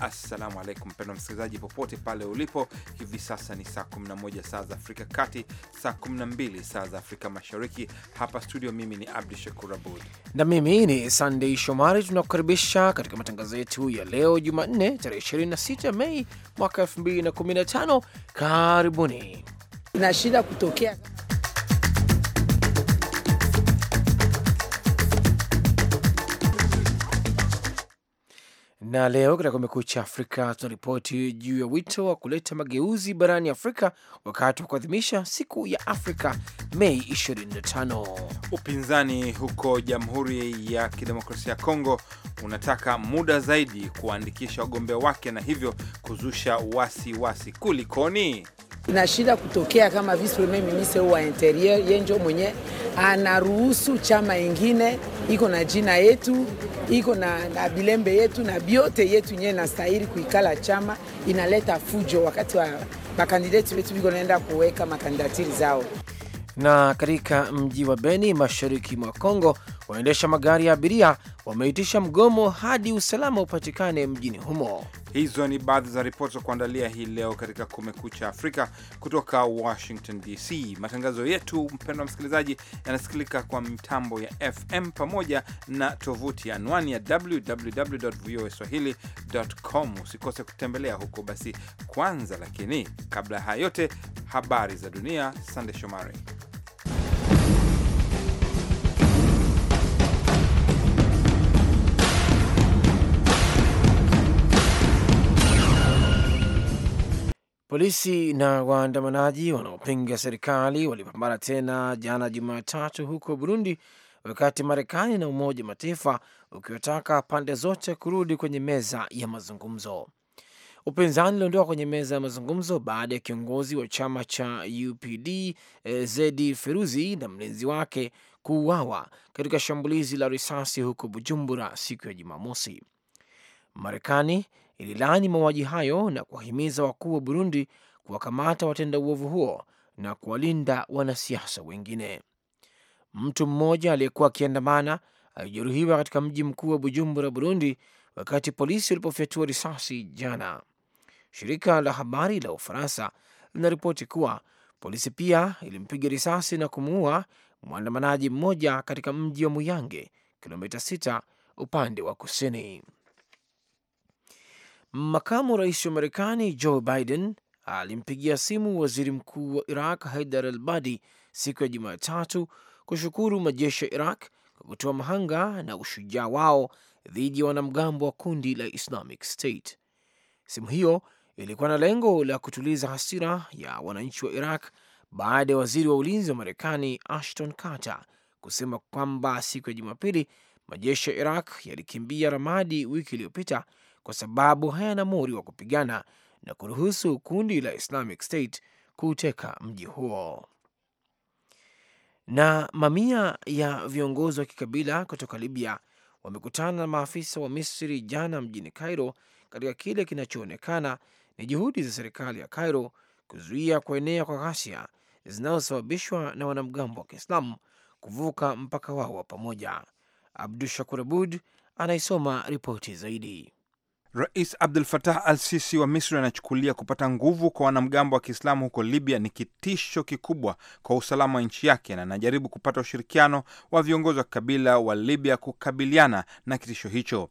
Assalamu alaikum mpendwa msikilizaji, popote pale ulipo hivi sasa. Ni saa 11 saa za Afrika Kati, saa 12 saa za Afrika Mashariki. Hapa studio, mimi ni Abdu Shakur Abud na mimi ni Sandei Shomari. Tunakukaribisha katika matangazo yetu ya leo Jumanne, tarehe 26 Mei mwaka 2015. Karibuni. na shida kutokea Na leo katika Kumekucha Afrika tunaripoti juu ya wito wa kuleta mageuzi barani Afrika wakati wa kuadhimisha siku ya Afrika Mei 25. Upinzani huko Jamhuri ya Kidemokrasia ya Kongo unataka muda zaidi kuwaandikisha wagombea wake na hivyo kuzusha wasiwasi wasi. Kulikoni? ina shida kutokea kama vice premier ministre wa interieur yenjo mwenye anaruhusu chama ingine iko na jina yetu iko na, na bilembe yetu na biote yetu nye nastahili kuikala chama, inaleta fujo wakati wa makandidati wetu viko naenda kuweka makandidatiri zao. Na katika mji wa Beni mashariki mwa Kongo waendesha magari ya abiria wameitisha mgomo hadi usalama upatikane mjini humo. Hizo ni baadhi za ripoti za kuandalia hii leo katika Kumekucha Afrika kutoka Washington DC. Matangazo yetu, mpendwa msikilizaji, yanasikilika kwa mitambo ya FM pamoja na tovuti ya anwani ya www voa swahili.com. Usikose kutembelea huko. Basi kwanza, lakini kabla ya haya yote, habari za dunia. Sande Shomari. Polisi na waandamanaji wanaopinga serikali walipambana tena jana Jumatatu huko Burundi, wakati Marekani na Umoja wa Mataifa ukiwataka pande zote kurudi kwenye meza ya mazungumzo. Upinzani uliondoka kwenye meza ya mazungumzo baada ya kiongozi wa chama cha UPD eh, Zedi Feruzi na mlinzi wake kuuawa katika shambulizi la risasi huko Bujumbura siku ya Jumamosi. Marekani ililaani mauaji hayo na kuwahimiza wakuu wa Burundi kuwakamata watenda uovu huo na kuwalinda wanasiasa wengine. Mtu mmoja aliyekuwa akiandamana alijeruhiwa katika mji mkuu wa Bujumbura, Burundi, wakati polisi walipofyatua risasi jana. Shirika la habari la Ufaransa linaripoti kuwa polisi pia ilimpiga risasi na kumuua mwandamanaji mmoja katika mji wa Muyange, kilomita 6 upande wa kusini. Makamu rais wa Marekani Joe Biden alimpigia simu waziri mkuu wa Iraq Haidar al Badi siku ya Jumatatu kushukuru majeshi ya Iraq kwa kutoa mahanga na ushujaa wao dhidi ya wanamgambo wa kundi la Islamic State. Simu hiyo ilikuwa na lengo la kutuliza hasira ya wananchi wa Iraq baada ya waziri wa ulinzi wa Marekani Ashton Carter kusema kwamba siku ya Jumapili majeshi ya Iraq yalikimbia Ramadi wiki iliyopita kwa sababu hayana muri wa kupigana na kuruhusu kundi la Islamic State kuuteka mji huo. Na mamia ya viongozi wa kikabila kutoka Libya wamekutana na maafisa wa Misri jana mjini Cairo katika kile kinachoonekana ni juhudi za serikali ya Cairo kuzuia kuenea kwa ghasia zinazosababishwa na wanamgambo wa Kiislamu kuvuka mpaka wao wa pamoja. Abdu Shakur Abud anaisoma ripoti zaidi. Rais Abdul Fatah al Sisi wa Misri anachukulia kupata nguvu kwa wanamgambo wa Kiislamu huko Libya ni kitisho kikubwa kwa usalama wa nchi yake, na anajaribu kupata ushirikiano wa viongozi wa kabila wa Libya kukabiliana na kitisho hicho.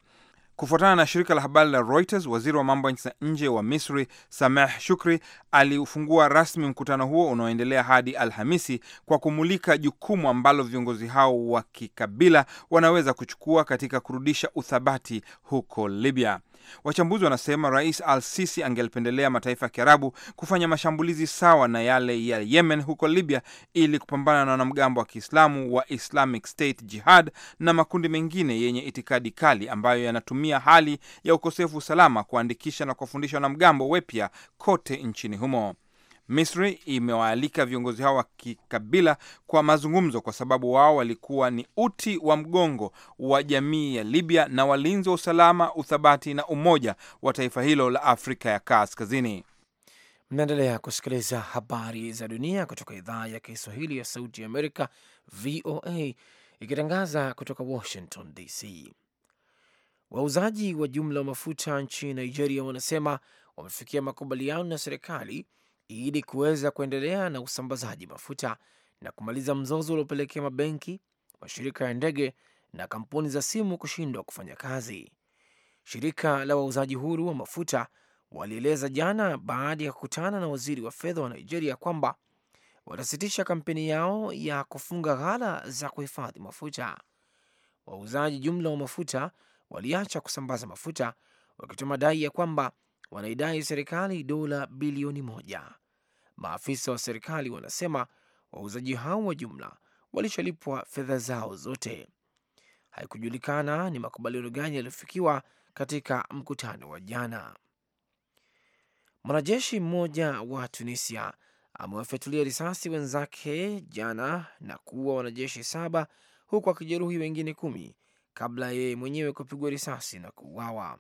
Kufuatana na shirika la habari la Reuters, waziri wa mambo ya nchi za nje wa Misri Sameh Shukri aliufungua rasmi mkutano huo unaoendelea hadi Alhamisi kwa kumulika jukumu ambalo viongozi hao wa kikabila wanaweza kuchukua katika kurudisha uthabati huko Libya. Wachambuzi wanasema Rais Al-Sisi angelipendelea mataifa ya Kiarabu kufanya mashambulizi sawa na yale ya Yemen huko Libya ili kupambana na wanamgambo wa Kiislamu wa Islamic State Jihad na makundi mengine yenye itikadi kali ambayo yanatumia hali ya ukosefu usalama kuandikisha na kuwafundisha wanamgambo wepya kote nchini humo. Misri imewaalika viongozi hao wa kikabila kwa mazungumzo, kwa sababu wao walikuwa ni uti wa mgongo wa jamii ya Libya na walinzi wa usalama, uthabati na umoja wa taifa hilo la Afrika ya Kaskazini. Mnaendelea kusikiliza habari za dunia kutoka idhaa ya Kiswahili ya Sauti ya Amerika, VOA, ikitangaza kutoka Washington DC. Wauzaji wa jumla wa mafuta nchini Nigeria wanasema wamefikia makubaliano na serikali ili kuweza kuendelea na usambazaji mafuta na kumaliza mzozo uliopelekea mabenki, mashirika ya ndege na kampuni za simu kushindwa kufanya kazi. Shirika la wauzaji huru wa mafuta walieleza jana baada ya kukutana na waziri wa fedha wa Nigeria kwamba watasitisha kampeni yao ya kufunga ghala za kuhifadhi mafuta. Wauzaji jumla wa mafuta waliacha kusambaza mafuta wakitoa madai ya kwamba wanaidai serikali dola bilioni moja. Maafisa wa serikali wanasema wauzaji hao wa jumla walishalipwa fedha zao zote. Haikujulikana ni makubaliano gani yaliyofikiwa katika mkutano wa jana. Mwanajeshi mmoja wa Tunisia amewafyatulia risasi wenzake jana na kuua wanajeshi saba huku akijeruhi wengine kumi kabla yeye mwenyewe kupigwa risasi na kuuawa.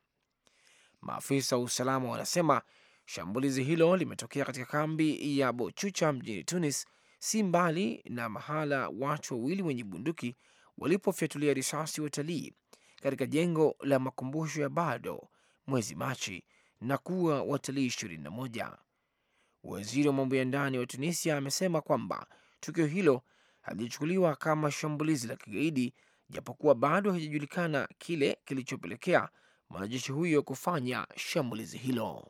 Maafisa wa usalama wanasema shambulizi hilo limetokea katika kambi ya Bochucha mjini Tunis, si mbali na mahala watu wawili wenye bunduki walipofyatulia risasi watalii katika jengo la makumbusho ya Bardo mwezi Machi na kuwa watalii 21. Waziri wa mambo ya ndani wa Tunisia amesema kwamba tukio hilo halijachukuliwa kama shambulizi la kigaidi, japokuwa bado hajajulikana kile kilichopelekea mwanajeshi huyo kufanya shambulizi hilo.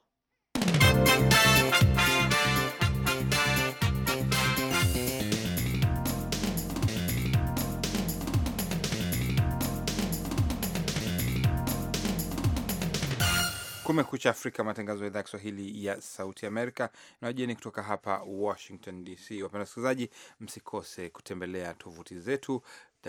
Kumekucha Afrika, matangazo ya idhaa ya Kiswahili ya Sauti Amerika na wajieni kutoka hapa Washington DC. Wapenda wasikilizaji, msikose kutembelea tovuti zetu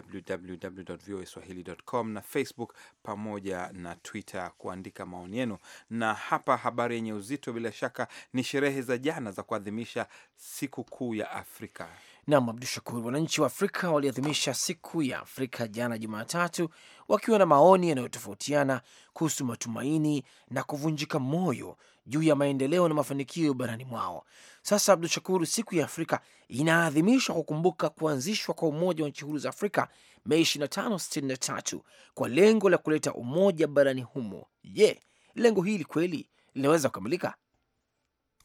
www.voaswahili.com na Facebook pamoja na Twitter kuandika maoni yenu. Na hapa habari yenye uzito bila shaka ni sherehe za jana za kuadhimisha siku kuu ya Afrika. Nam Abdu Shakur. Wananchi wa Afrika waliadhimisha siku ya Afrika jana Jumatatu, wakiwa na maoni yanayotofautiana kuhusu matumaini na kuvunjika moyo juu ya maendeleo na mafanikio barani mwao. Sasa Abdu Shakur, siku ya Afrika inaadhimishwa kukumbuka kuanzishwa kwa Umoja wa Nchi Huru za Afrika Mei 2563 kwa lengo la kuleta umoja barani humo. Je, lengo hili kweli linaweza kukamilika?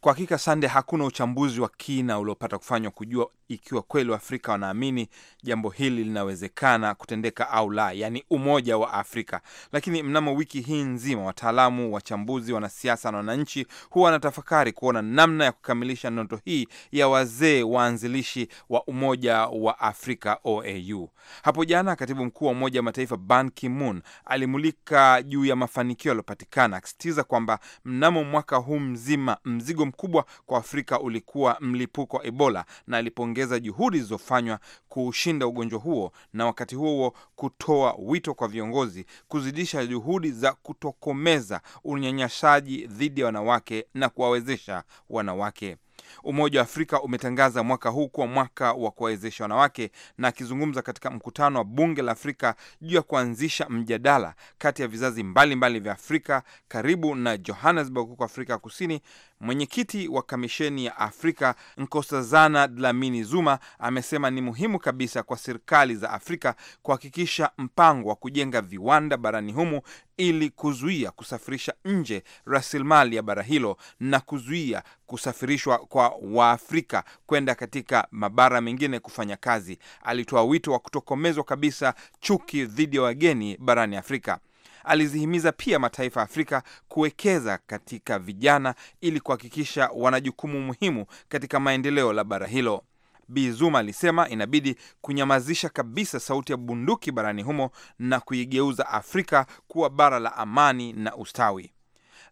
Kwa hakika Sande, hakuna uchambuzi wa kina uliopata kufanywa kujua ikiwa kweli Waafrika wanaamini jambo hili linawezekana kutendeka au la, yaani umoja wa Afrika. Lakini mnamo wiki hii nzima, wataalamu, wachambuzi, wanasiasa na wananchi huwa wanatafakari kuona namna ya kukamilisha ndoto hii ya wazee waanzilishi wa Umoja wa Afrika, OAU. Hapo jana, katibu mkuu wa Umoja wa Mataifa Ban Ki-moon alimulika juu ya mafanikio yaliyopatikana, akisitiza kwamba mnamo mwaka huu mzima mzigo mkubwa kwa Afrika ulikuwa mlipuko wa Ebola, na alipongeza juhudi zilizofanywa kuushinda ugonjwa huo, na wakati huo huo kutoa wito kwa viongozi kuzidisha juhudi za kutokomeza unyanyasaji dhidi ya wanawake na kuwawezesha wanawake. Umoja wa Afrika umetangaza mwaka huu kuwa mwaka wa kuwawezesha wanawake, na akizungumza katika mkutano wa bunge la Afrika juu ya kuanzisha mjadala kati ya vizazi mbalimbali mbali vya Afrika karibu na Johannesburg huko Afrika Kusini, mwenyekiti wa Kamisheni ya Afrika Nkosazana Dlamini Zuma amesema ni muhimu kabisa kwa serikali za Afrika kuhakikisha mpango wa kujenga viwanda barani humu ili kuzuia kusafirisha nje rasilimali ya bara hilo na kuzuia kusafirishwa kwa Waafrika kwenda katika mabara mengine kufanya kazi. Alitoa wito wa kutokomezwa kabisa chuki dhidi ya wageni barani Afrika. Alizihimiza pia mataifa ya Afrika kuwekeza katika vijana ili kuhakikisha wana jukumu muhimu katika maendeleo la bara hilo. Bi Zuma alisema inabidi kunyamazisha kabisa sauti ya bunduki barani humo na kuigeuza Afrika kuwa bara la amani na ustawi.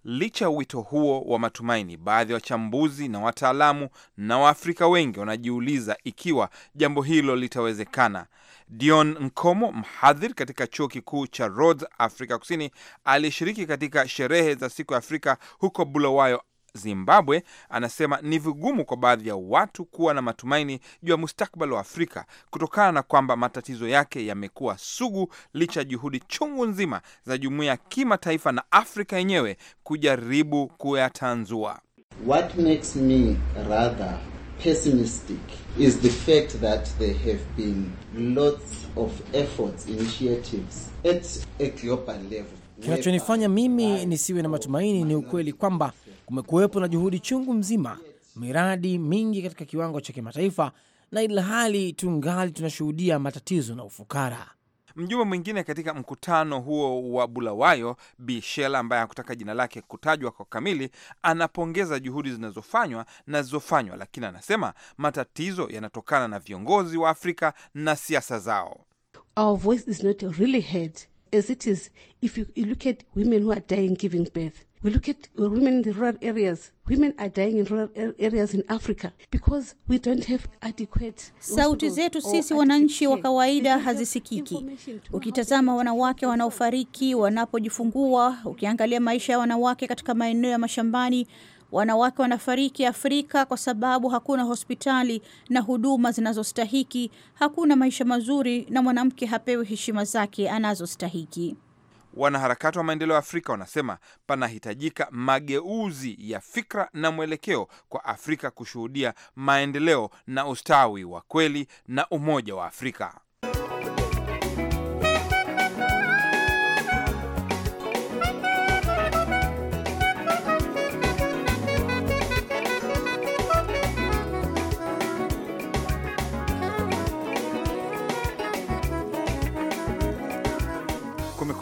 Licha ya wito huo wa matumaini, baadhi ya wa wachambuzi na wataalamu na Waafrika wengi wanajiuliza ikiwa jambo hilo litawezekana. Dion Nkomo, mhadhiri katika chuo kikuu cha Rhodes, Afrika Kusini, alishiriki katika sherehe za siku ya Afrika huko Bulawayo, Zimbabwe anasema ni vigumu kwa baadhi ya watu kuwa na matumaini juu ya mustakbal wa Afrika kutokana na kwamba matatizo yake yamekuwa sugu licha ya juhudi chungu nzima za jumuiya ya kimataifa na Afrika yenyewe kujaribu kuyatanzua. What makes me rather pessimistic is the fact that there have been lots of efforts, initiatives at a global level. Kinachonifanya mimi nisiwe na matumaini ni ukweli kwamba kumekuwepo na juhudi chungu mzima, miradi mingi katika kiwango cha kimataifa, na ilhali tungali tunashuhudia matatizo na ufukara. Mjumbe mwingine katika mkutano huo wa Bulawayo, Bishela, ambaye hakutaka jina lake kutajwa kwa kamili, anapongeza juhudi zinazofanywa na zilizofanywa, lakini anasema matatizo yanatokana na viongozi wa Afrika na siasa zao. Our voice is not really heard as it is if you look at women who are dying giving birth We look at women in the rural areas. Women are dying in rural areas in Africa because we don't have adequate. Sauti zetu sisi wananchi wa kawaida hazisikiki. Ukitazama wanawake wanaofariki wanapojifungua, ukiangalia maisha ya wanawake katika maeneo ya mashambani, wanawake wanafariki Afrika kwa sababu hakuna hospitali na huduma zinazostahiki, hakuna maisha mazuri, na mwanamke hapewi heshima zake anazostahiki. Wanaharakati wa maendeleo ya Afrika wanasema panahitajika mageuzi ya fikra na mwelekeo kwa Afrika kushuhudia maendeleo na ustawi wa kweli na umoja wa Afrika.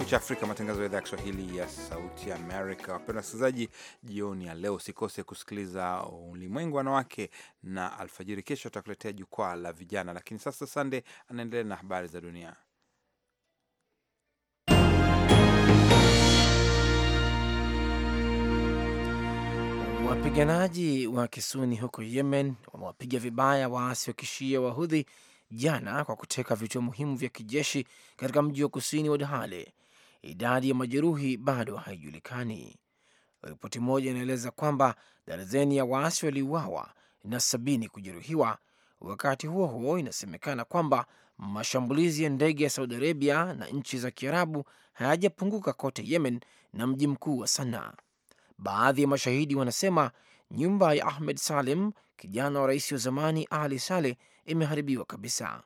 Kumekucha Afrika, matangazo ya idhaa ya Kiswahili ya Sauti Amerika. Wapenda wasikilizaji, jioni ya leo usikose kusikiliza Ulimwengu Wanawake na alfajiri kesho atakuletea Jukwaa la Vijana, lakini sasa Sande anaendelea na habari za dunia. Wapiganaji wa Kisuni huko Yemen wamewapiga vibaya waasi wa Kishia Wahudhi jana kwa kuteka vituo muhimu vya kijeshi katika mji wa kusini wa Dahale idadi ya majeruhi bado haijulikani. Ripoti moja inaeleza kwamba darazeni ya waasi waliuawa na sabini kujeruhiwa. Wakati huo huo, inasemekana kwamba mashambulizi ya ndege ya Saudi Arabia na nchi za Kiarabu hayajapunguka kote Yemen na mji mkuu wa Sanaa. Baadhi ya mashahidi wanasema nyumba ya Ahmed salem kijana wa rais wa zamani Ali Saleh, imeharibiwa kabisa.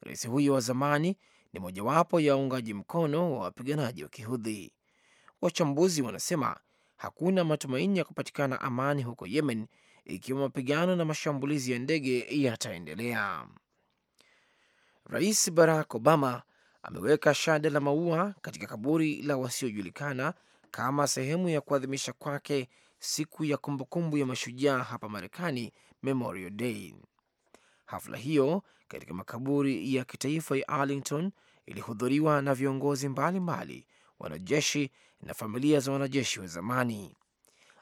Rais huyo wa zamani ni mojawapo ya waungaji mkono wa wapiganaji wa Kihudhi. Wachambuzi wanasema hakuna matumaini ya kupatikana amani huko Yemen ikiwa mapigano na mashambulizi ya ndege yataendelea. Rais Barack Obama ameweka shada la maua katika kaburi la wasiojulikana kama sehemu ya kuadhimisha kwake siku ya kumbukumbu ya mashujaa hapa Marekani, Memorial Day. Hafla hiyo katika makaburi ya kitaifa ya Arlington ilihudhuriwa na viongozi mbalimbali, wanajeshi na familia za wanajeshi wa zamani.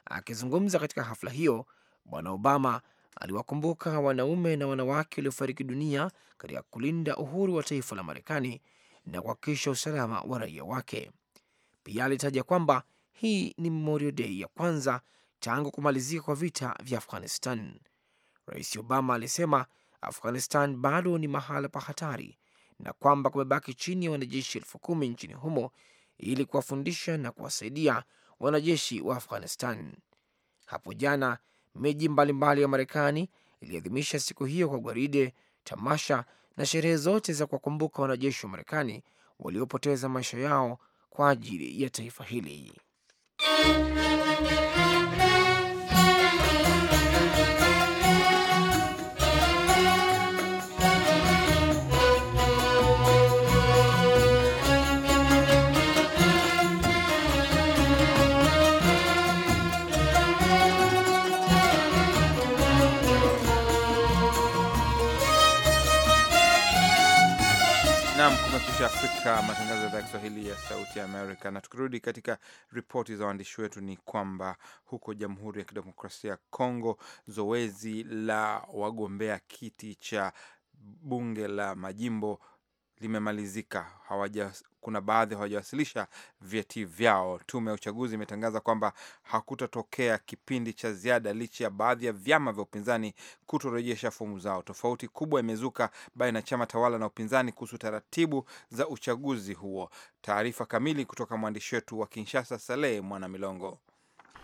Akizungumza katika hafla hiyo, Bwana Obama aliwakumbuka wanaume na wanawake waliofariki dunia katika kulinda uhuru wa taifa la Marekani na kuhakikisha usalama wa raia wake. Pia alitaja kwamba hii ni Memorial Day ya kwanza tangu kumalizika kwa vita vya Afghanistan. Rais Obama alisema Afghanistan bado ni mahala pa hatari na kwamba kumebaki chini ya wanajeshi elfu kumi nchini humo ili kuwafundisha na kuwasaidia wanajeshi wa Afghanistan. Hapo jana miji mbalimbali ya Marekani iliadhimisha siku hiyo kwa gwaride, tamasha na sherehe zote za kuwakumbuka wanajeshi wa Marekani waliopoteza maisha yao kwa ajili ya taifa hili. Afrika, matangazo ya idhaa ya Kiswahili ya Sauti ya Amerika. Na tukirudi katika ripoti za waandishi wetu, ni kwamba huko Jamhuri ya Kidemokrasia ya Kongo, zoezi la wagombea kiti cha bunge la majimbo limemalizika hawaja, kuna baadhi hawajawasilisha vyeti vyao. Tume ya uchaguzi imetangaza kwamba hakutatokea kipindi cha ziada licha ya baadhi ya vyama vya upinzani kutorejesha fomu zao. Tofauti kubwa imezuka baina ya chama tawala na upinzani kuhusu taratibu za uchaguzi huo. Taarifa kamili kutoka mwandishi wetu wa Kinshasa, Saleh Mwanamilongo.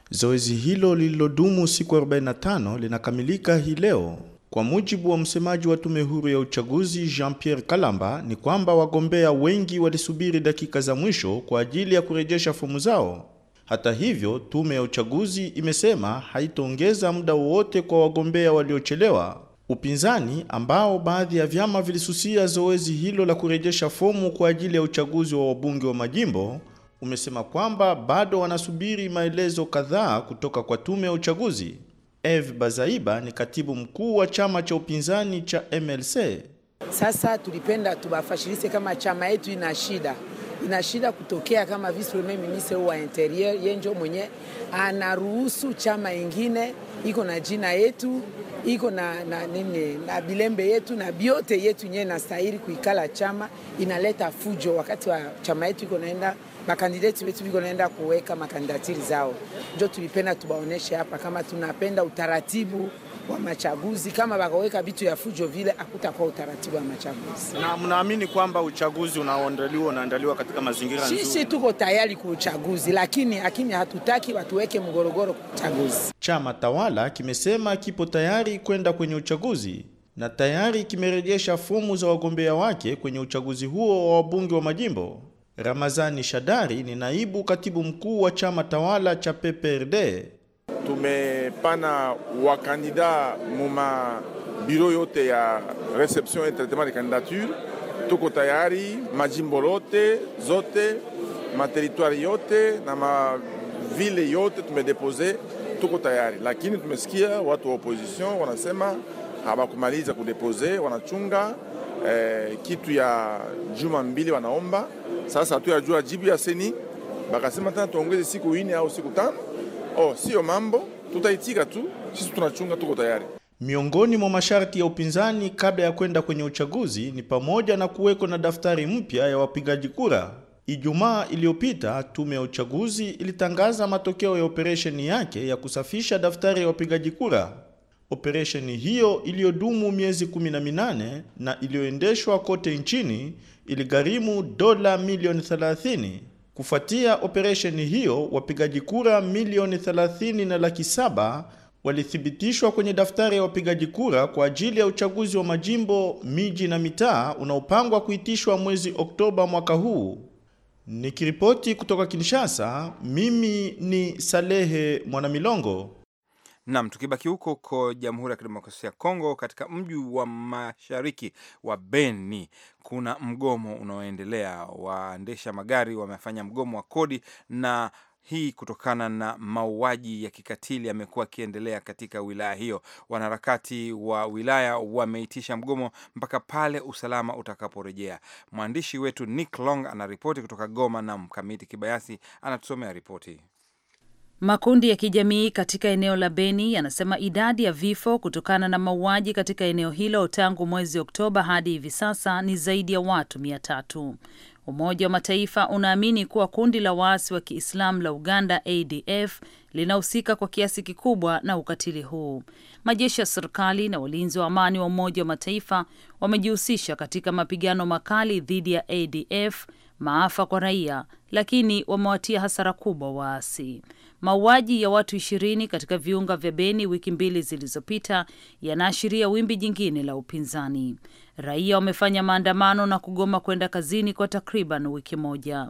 Zoezi hilo lililodumu siku 45 linakamilika hii leo kwa mujibu wa msemaji wa tume huru ya uchaguzi Jean-Pierre Kalamba, ni kwamba wagombea wengi walisubiri dakika za mwisho kwa ajili ya kurejesha fomu zao. Hata hivyo, tume ya uchaguzi imesema haitaongeza muda wowote kwa wagombea waliochelewa. Upinzani ambao baadhi ya vyama vilisusia zoezi hilo la kurejesha fomu kwa ajili ya uchaguzi wa wabunge wa majimbo umesema kwamba bado wanasubiri maelezo kadhaa kutoka kwa tume ya uchaguzi. Eve Bazaiba ni katibu mkuu wa chama cha upinzani cha MLC. Sasa tulipenda tubafashirise kama chama yetu ina shida ina shida kutokea kama vice premier ministre wa interieur yenjo mwenye anaruhusu chama ingine iko na jina yetu iko na, na, nini, na bilembe yetu na biote yetu nyewe nastahili kuikala chama, inaleta fujo wakati wa chama yetu iko naenda makandidati wetu viko naenda kuweka makandidatiri zao, njo tulipenda tubaoneshe hapa kama tunapenda utaratibu wa machaguzi. Kama wakaweka vitu ya fujo vile, hakutakuwa utaratibu wa machaguzi. Na mnaamini kwamba uchaguzi unaoandaliwa unaandaliwa katika mazingira nzuri? Sisi tuko tayari kwa uchaguzi, lakini lakini hatutaki watuweke mgorogoro kwa uchaguzi. Chama tawala kimesema kipo tayari kwenda kwenye uchaguzi na tayari kimerejesha fomu za wagombea wake kwenye uchaguzi huo wa wabunge wa majimbo. Ramazani Shadari ni naibu katibu mkuu wa chama tawala cha PPRD. Tumepana wakandida muma biro yote ya reception et traitement de candidature, tuko tayari majimbo lote zote materitwari yote na mavile yote tumedepose, tuko tayari, lakini tumesikia watu wa opposition wanasema hawakumaliza kudepose, wanachunga eh, kitu ya juma mbili wanaomba sasa hatuyajua jibu ya seni, bakasema tena tuongeze siku ine au siku tano. Oh, sio mambo, tutaitika tu, sisi tunachunga, tuko tayari. Miongoni mwa masharti ya upinzani kabla ya kwenda kwenye uchaguzi ni pamoja na kuweko na daftari mpya ya wapigaji kura. Ijumaa iliyopita tume ya uchaguzi ilitangaza matokeo ya operesheni yake ya kusafisha daftari ya wapigaji kura. Operesheni hiyo iliyodumu miezi 18 na iliyoendeshwa kote nchini iligharimu dola milioni 30. Kufuatia operesheni hiyo, wapigaji kura milioni 30 na laki saba walithibitishwa kwenye daftari ya wapigaji kura kwa ajili ya uchaguzi wa majimbo, miji na mitaa unaopangwa kuitishwa mwezi Oktoba mwaka huu. Nikiripoti kutoka Kinshasa, mimi ni Salehe Mwanamilongo. Nam, tukibaki huko huko Jamhuri ya Kidemokrasia ya Kongo, katika mji wa mashariki wa Beni kuna mgomo unaoendelea. Waendesha magari wamefanya mgomo wa kodi na hii kutokana na mauaji ya kikatili yamekuwa akiendelea katika wilaya hiyo. Wanaharakati wa wilaya wameitisha mgomo mpaka pale usalama utakaporejea. Mwandishi wetu Nick Long anaripoti kutoka Goma na Mkamiti Kibayasi anatusomea ripoti. Makundi ya kijamii katika eneo la Beni yanasema idadi ya vifo kutokana na mauaji katika eneo hilo tangu mwezi Oktoba hadi hivi sasa ni zaidi ya watu mia tatu. Umoja wa Mataifa unaamini kuwa kundi la waasi wa Kiislamu la Uganda ADF linahusika kwa kiasi kikubwa na ukatili huu. Majeshi ya serikali na walinzi wa amani wa Umoja wa Mataifa wamejihusisha katika mapigano makali dhidi ya ADF, maafa kwa raia, lakini wamewatia hasara kubwa waasi. Mauaji ya watu ishirini katika viunga vya Beni wiki mbili zilizopita yanaashiria wimbi jingine la upinzani. Raia wamefanya maandamano na kugoma kwenda kazini kwa takriban wiki moja.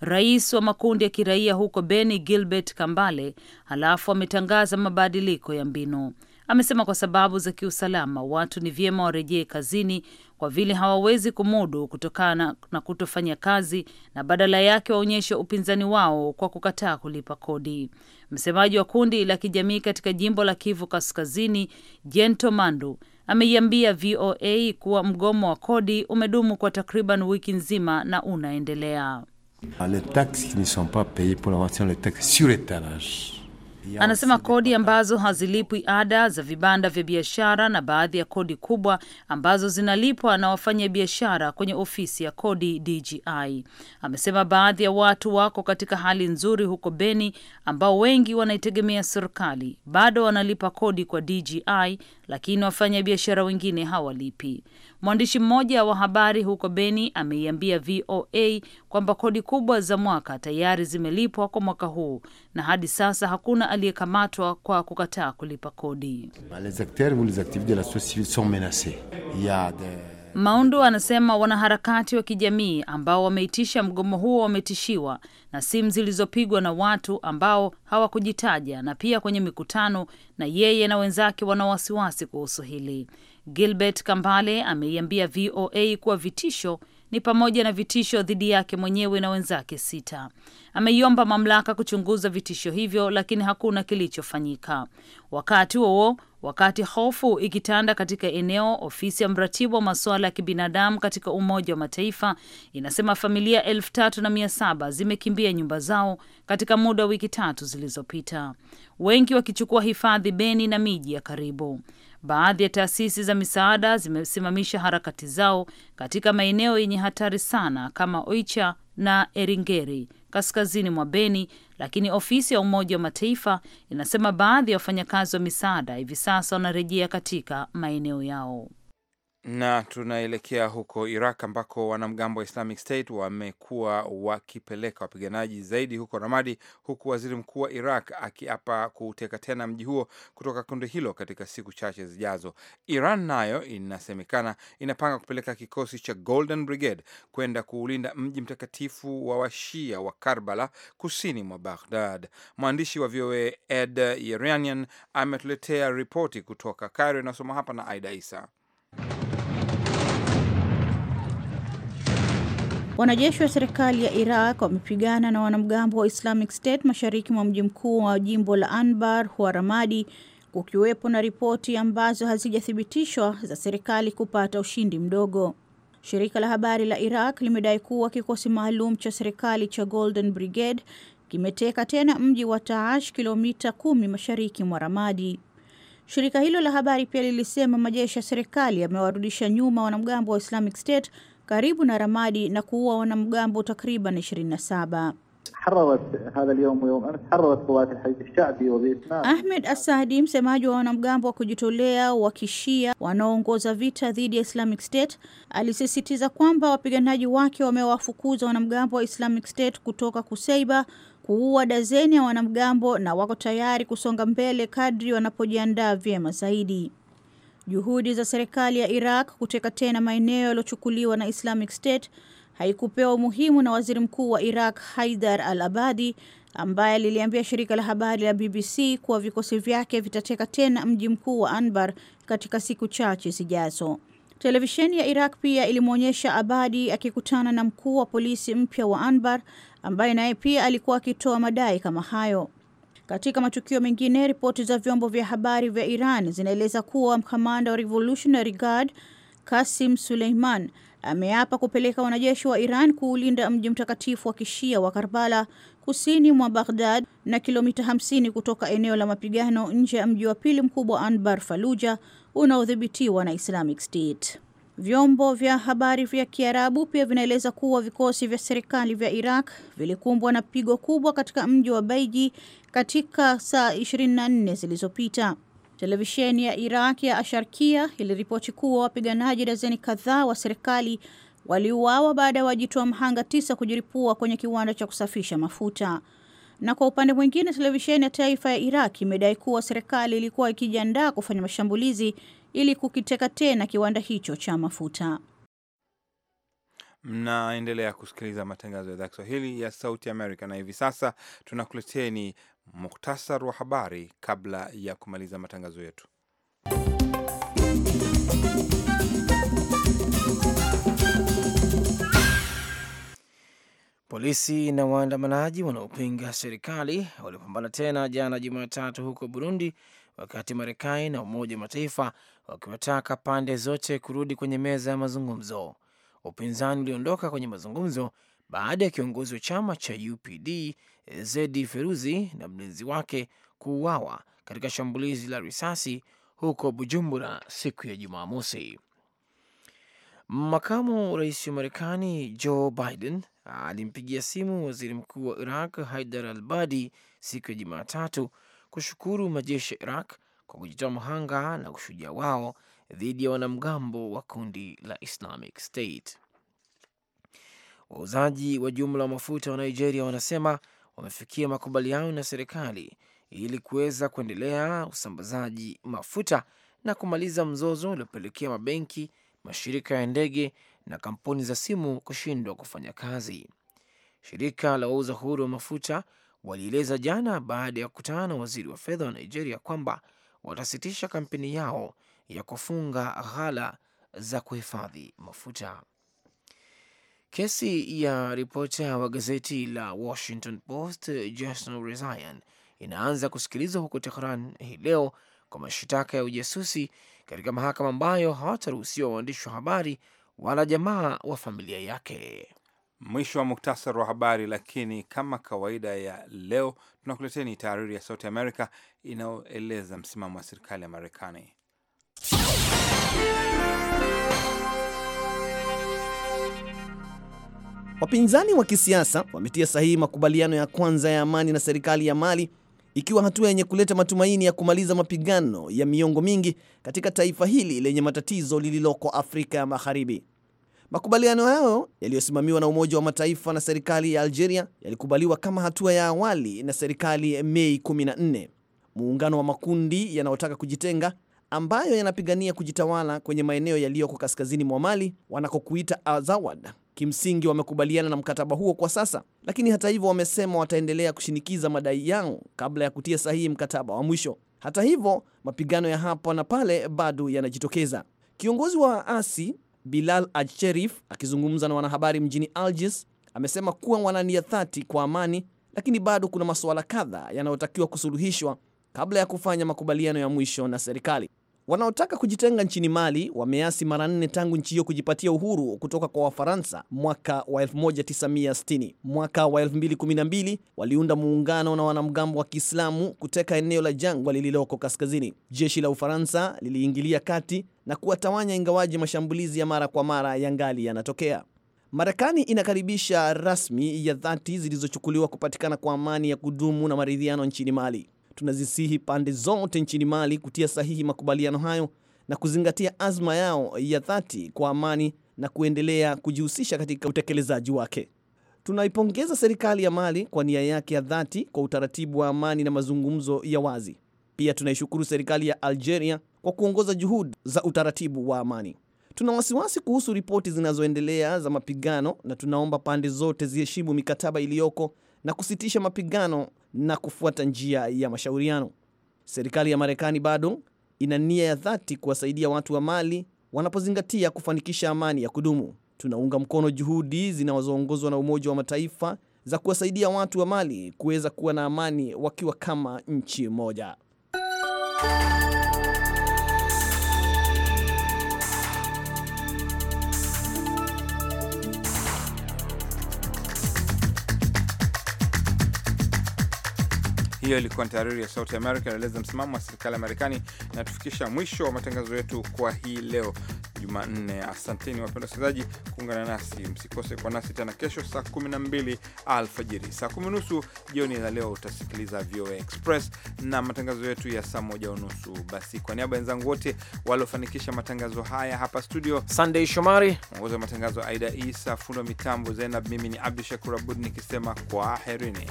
Rais wa makundi ya kiraia huko Beni, Gilbert Kambale, halafu ametangaza mabadiliko ya mbinu. Amesema kwa sababu za kiusalama watu ni vyema warejee kazini kwa vile hawawezi kumudu kutokana na kutofanya kazi na badala yake waonyeshe upinzani wao kwa kukataa kulipa kodi. Msemaji wa kundi la kijamii katika jimbo la Kivu Kaskazini, Jento Mandu, ameiambia VOA kuwa mgomo wa kodi umedumu kwa takriban wiki nzima na unaendelea. Ah, les taxes ne sont pas pour taxes sur l'étalage Anasema kodi ambazo hazilipwi ada za vibanda vya biashara na baadhi ya kodi kubwa ambazo zinalipwa na wafanya biashara kwenye ofisi ya kodi DGI. Amesema baadhi ya watu wako katika hali nzuri huko Beni ambao wengi wanaitegemea serikali, bado wanalipa kodi kwa DGI, lakini wafanya biashara wengine hawalipi. Mwandishi mmoja wa habari huko Beni ameiambia VOA kwamba kodi kubwa za mwaka tayari zimelipwa kwa mwaka huu na hadi sasa hakuna aliyekamatwa kwa kukataa kulipa kodi. Maundu anasema wanaharakati wa kijamii ambao wameitisha mgomo huo wametishiwa na simu zilizopigwa na watu ambao hawakujitaja na pia kwenye mikutano, na yeye na wenzake wana wasiwasi kuhusu hili. Gilbert Kambale ameiambia VOA kuwa vitisho ni pamoja na vitisho dhidi yake mwenyewe na wenzake sita. Ameiomba mamlaka kuchunguza vitisho hivyo, lakini hakuna kilichofanyika. Wakati huo wakati hofu ikitanda katika eneo, ofisi ya mratibu wa masuala ya kibinadamu katika Umoja wa Mataifa inasema familia elfu tatu na mia saba zimekimbia nyumba zao katika muda wa wiki tatu zilizopita, wengi wakichukua hifadhi Beni na miji ya karibu. Baadhi ya taasisi za misaada zimesimamisha harakati zao katika maeneo yenye hatari sana kama Oicha na Eringeri kaskazini mwa Beni, lakini ofisi ya Umoja wa Mataifa inasema baadhi ya wafanyakazi wa misaada hivi sasa wanarejea katika maeneo yao. Na tunaelekea huko Iraq ambako wanamgambo wa Islamic State wamekuwa wakipeleka wapiganaji zaidi huko Ramadi, huku waziri mkuu wa Iraq akiapa kuteka tena mji huo kutoka kundi hilo katika siku chache zijazo. Iran nayo inasemekana inapanga kupeleka kikosi cha Golden Brigade kwenda kuulinda mji mtakatifu wa Washia wa Karbala kusini mwa Baghdad. Mwandishi wa VOA Ed Yeranian ametuletea ripoti kutoka Cairo, inasoma hapa na Aida Isa. Wanajeshi wa serikali ya Iraq wamepigana na wanamgambo wa Islamic State mashariki mwa mji mkuu wa jimbo la Anbar huwa Ramadi, kukiwepo na ripoti ambazo hazijathibitishwa za serikali kupata ushindi mdogo. Shirika la habari la Iraq limedai kuwa kikosi maalum cha serikali cha Golden Brigade kimeteka tena mji wa Taash, kilomita kumi mashariki mwa Ramadi. Shirika hilo la habari pia lilisema majeshi ya serikali yamewarudisha nyuma wanamgambo wa Islamic State karibu na Ramadi na kuua wanamgambo takriban 27. Ahmed Asadi, msemaji wa wanamgambo wa kujitolea wa Kishia wanaoongoza vita dhidi ya Islamic State, alisisitiza kwamba wapiganaji wake wamewafukuza wanamgambo wa Islamic State kutoka Kuseiba, kuua dazeni ya wanamgambo na wako tayari kusonga mbele kadri wanapojiandaa vyema zaidi. Juhudi za serikali ya Iraq kuteka tena maeneo yaliyochukuliwa na Islamic State haikupewa umuhimu na waziri mkuu wa Iraq Haidar al-Abadi ambaye liliambia shirika la habari la BBC kuwa vikosi vyake vitateka tena mji mkuu wa Anbar katika siku chache zijazo. Televisheni ya Iraq pia ilimwonyesha Abadi akikutana na mkuu wa polisi mpya wa Anbar ambaye naye pia alikuwa akitoa madai kama hayo. Katika matukio mengine, ripoti za vyombo vya habari vya Iran zinaeleza kuwa kamanda wa Revolutionary Guard Kasim Suleiman ameapa kupeleka wanajeshi wa Iran kuulinda mji mtakatifu wa Kishia wa Karbala kusini mwa Baghdad na kilomita 50 kutoka eneo la mapigano nje ya mji wa pili mkubwa Anbar Faluja unaodhibitiwa na Islamic State. Vyombo vya habari vya Kiarabu pia vinaeleza kuwa vikosi vya serikali vya Iraq vilikumbwa na pigo kubwa katika mji wa Baiji katika saa 24 zilizopita. Televisheni ya Iraq ya Asharkia iliripoti kuwa wapiganaji dazeni kadhaa wa serikali waliuawa baada ya wajitoa mhanga tisa kujiripua kwenye kiwanda cha kusafisha mafuta. Na kwa upande mwingine, televisheni ya taifa ya Iraq imedai kuwa serikali ilikuwa ikijiandaa kufanya mashambulizi ili kukiteka tena kiwanda hicho cha mafuta. Mnaendelea kusikiliza matangazo ya idhaa Kiswahili ya Sauti Amerika, na hivi sasa tunakuleteni muktasar wa habari kabla ya kumaliza matangazo yetu. Polisi na waandamanaji wanaopinga serikali walipambana tena jana Jumatatu huko Burundi wakati Marekani na Umoja wa Mataifa wakiwataka pande zote kurudi kwenye meza ya mazungumzo. Upinzani uliondoka kwenye mazungumzo baada ya kiongozi wa chama cha UPD Zedi Feruzi na mlinzi wake kuuawa katika shambulizi la risasi huko Bujumbura siku ya Jumamosi. Makamu rais wa Marekani Joe Biden alimpigia simu waziri mkuu wa Iraq Haidar al Badi siku ya Jumatatu kushukuru majeshi ya Iraq kwa kujitoa mhanga na ushujaa wao dhidi ya wanamgambo wa kundi la Islamic State. Wauzaji wa jumla wa mafuta wa Nigeria wanasema wamefikia makubaliano na serikali ili kuweza kuendelea usambazaji mafuta na kumaliza mzozo uliopelekea mabenki, mashirika ya ndege na kampuni za simu kushindwa kufanya kazi. Shirika la wauza huru wa mafuta walieleza jana baada ya kukutana na waziri wa fedha wa Nigeria kwamba watasitisha kampeni yao ya kufunga ghala za kuhifadhi mafuta. Kesi ya ripota wa gazeti la Washington Post Jason Rezaian inaanza kusikilizwa huko Tehran hii leo kwa mashtaka ya ujasusi katika mahakama ambayo hawataruhusiwa waandishi wa habari wala jamaa wa familia yake. Mwisho wa muktasari wa habari. Lakini kama kawaida ya leo, tunakuleteni tahariri ya Sauti Amerika inayoeleza msimamo wa serikali ya Marekani. Wapinzani wa kisiasa wametia sahihi makubaliano ya kwanza ya amani na serikali ya Mali, ikiwa hatua yenye kuleta matumaini ya kumaliza mapigano ya miongo mingi katika taifa hili lenye matatizo lililoko Afrika ya Magharibi. Makubaliano hayo yaliyosimamiwa na Umoja wa Mataifa na serikali ya Algeria yalikubaliwa kama hatua ya awali na serikali Mei 14. Muungano wa makundi yanayotaka kujitenga ambayo yanapigania kujitawala kwenye maeneo yaliyoko kaskazini mwa Mali wanakokuita Azawad kimsingi wamekubaliana na mkataba huo kwa sasa, lakini hata hivyo wamesema wataendelea kushinikiza madai yao kabla ya kutia sahihi mkataba wa mwisho. Hata hivyo mapigano ya hapa na pale bado yanajitokeza. Kiongozi wa waasi Bilal Al-Sherif akizungumza na wanahabari mjini Algiers amesema kuwa wana nia dhati kwa amani, lakini bado kuna masuala kadhaa yanayotakiwa kusuluhishwa kabla ya kufanya makubaliano ya mwisho na serikali. Wanaotaka kujitenga nchini Mali wameasi mara nne tangu nchi hiyo kujipatia uhuru kutoka kwa Wafaransa mwaka wa 1960. Mwaka wa 2012 waliunda muungano na wanamgambo wa Kiislamu kuteka eneo la jangwa lililoko kaskazini. Jeshi la Ufaransa liliingilia kati na kuwatawanya, ingawaji mashambulizi ya mara kwa mara yangali yanatokea. Marekani inakaribisha rasmi ya dhati zilizochukuliwa kupatikana kwa amani ya kudumu na maridhiano nchini Mali tunazisihi pande zote nchini Mali kutia sahihi makubaliano hayo na kuzingatia azma yao ya dhati kwa amani na kuendelea kujihusisha katika utekelezaji wake. Tunaipongeza serikali ya Mali kwa nia yake ya dhati kwa utaratibu wa amani na mazungumzo ya wazi. Pia tunaishukuru serikali ya Algeria kwa kuongoza juhudi za utaratibu wa amani. Tuna wasiwasi kuhusu ripoti zinazoendelea za mapigano na tunaomba pande zote ziheshimu mikataba iliyoko na kusitisha mapigano na kufuata njia ya mashauriano. Serikali ya Marekani bado ina nia ya dhati kuwasaidia watu wa Mali wanapozingatia kufanikisha amani ya kudumu. Tunaunga mkono juhudi zinazoongozwa na Umoja wa Mataifa za kuwasaidia watu wa Mali kuweza kuwa na amani wakiwa kama nchi moja. Hiyo ilikuwa ni tahariri ya Sauti Amerika, inaeleza msimamo wa serikali ya Marekani. Inatufikisha mwisho wa matangazo yetu kwa hii leo Jumanne. Asanteni wapenda wasikilizaji kuungana nasi, msikose kwa nasi tena kesho saa kumi na mbili alfajiri, saa kumi nusu jioni za leo utasikiliza VOA Express na matangazo yetu ya saa moja unusu. Basi kwa niaba ya wenzangu wote waliofanikisha matangazo haya hapa studio, Sunday Shomari mwongozi wa matangazo, Aida Isa fundo mitambo, Zainab, mimi ni Abdu Shakur Abud nikisema kwa herini